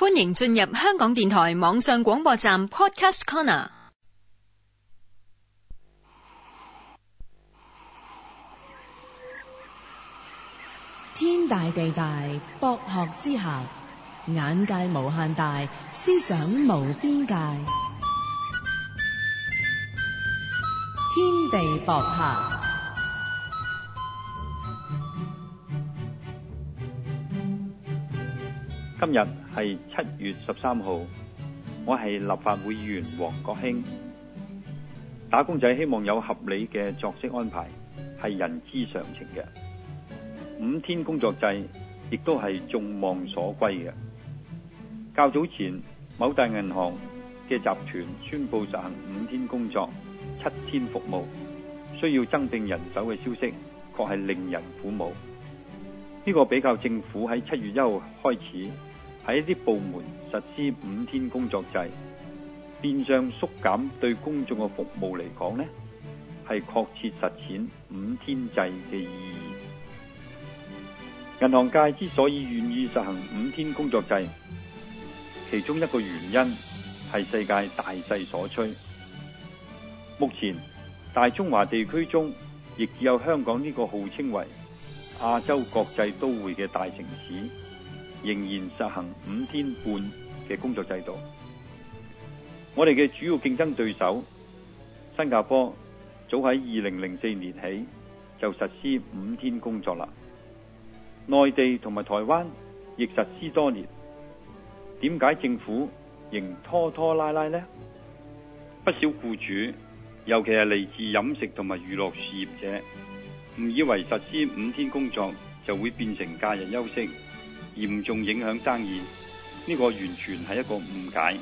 歡迎進入香港電台網上廣播站 Podcast Corner。天大地大，博學之下，眼界無限大，思想無邊界。天地博客。今日係七月十三號，我係立法會議員王國興。打工仔希望有合理嘅作息安排，係人之常情嘅。五天工作制亦都係眾望所歸嘅。較早前，某大銀行嘅集團宣布實行五天工作、七天服務，需要增聘人手嘅消息，確係令人鼓舞。呢、這個比較政府喺七月一號開始。喺一啲部門實施五天工作制，變相縮減對公眾嘅服務嚟講呢，係確切實踐五天制嘅意義。銀行界之所以願意實行五天工作制，其中一個原因係世界大勢所趨。目前大中華地區中，亦只有香港呢個號稱為亞洲國際都會嘅大城市，仍然實行五天半嘅工作制度。我哋嘅主要競爭對手新加坡早喺二零零四年起就實施五天工作啦。內地同埋台灣亦實施多年。點解政府仍拖拖拉拉呢？不少僱主，尤其係嚟自飲食同埋娛樂事業者，誤以為實施五天工作就會變成假日休息。嚴重影響生意，呢個完全係一個誤解。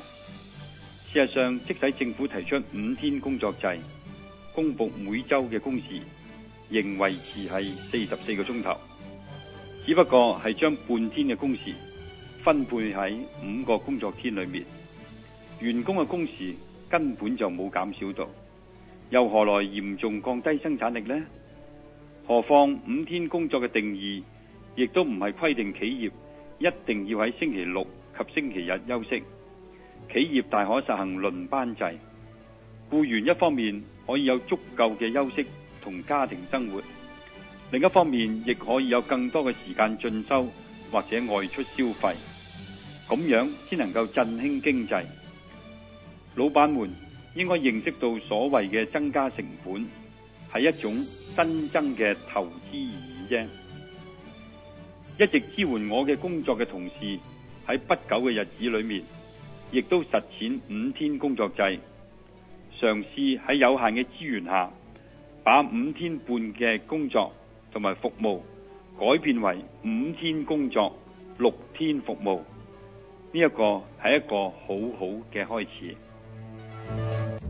事實上，即使政府提出五天工作制，公布每周嘅工時仍維持係四十四個鐘頭，只不過係將半天嘅工時分配喺五個工作天裏面，員工嘅工時根本就冇減少到，又何來嚴重降低生產力呢？何況五天工作嘅定義？亦都唔係規定企業一定要喺星期六及星期日休息，企業大可實行輪班制，僱員一方面可以有足夠嘅休息同家庭生活，另一方面亦可以有更多嘅時間進修或者外出消費，咁樣先能夠振興經濟。老闆們應該認識到所謂嘅增加成本係一種新增嘅投資而已啫。一直支援我嘅工作嘅同事，喺不久嘅日子裏面，亦都實踐五天工作制，嘗試喺有限嘅資源下，把五天半嘅工作同埋服務改變為五天工作六天服務，呢一個係一個好好嘅開始。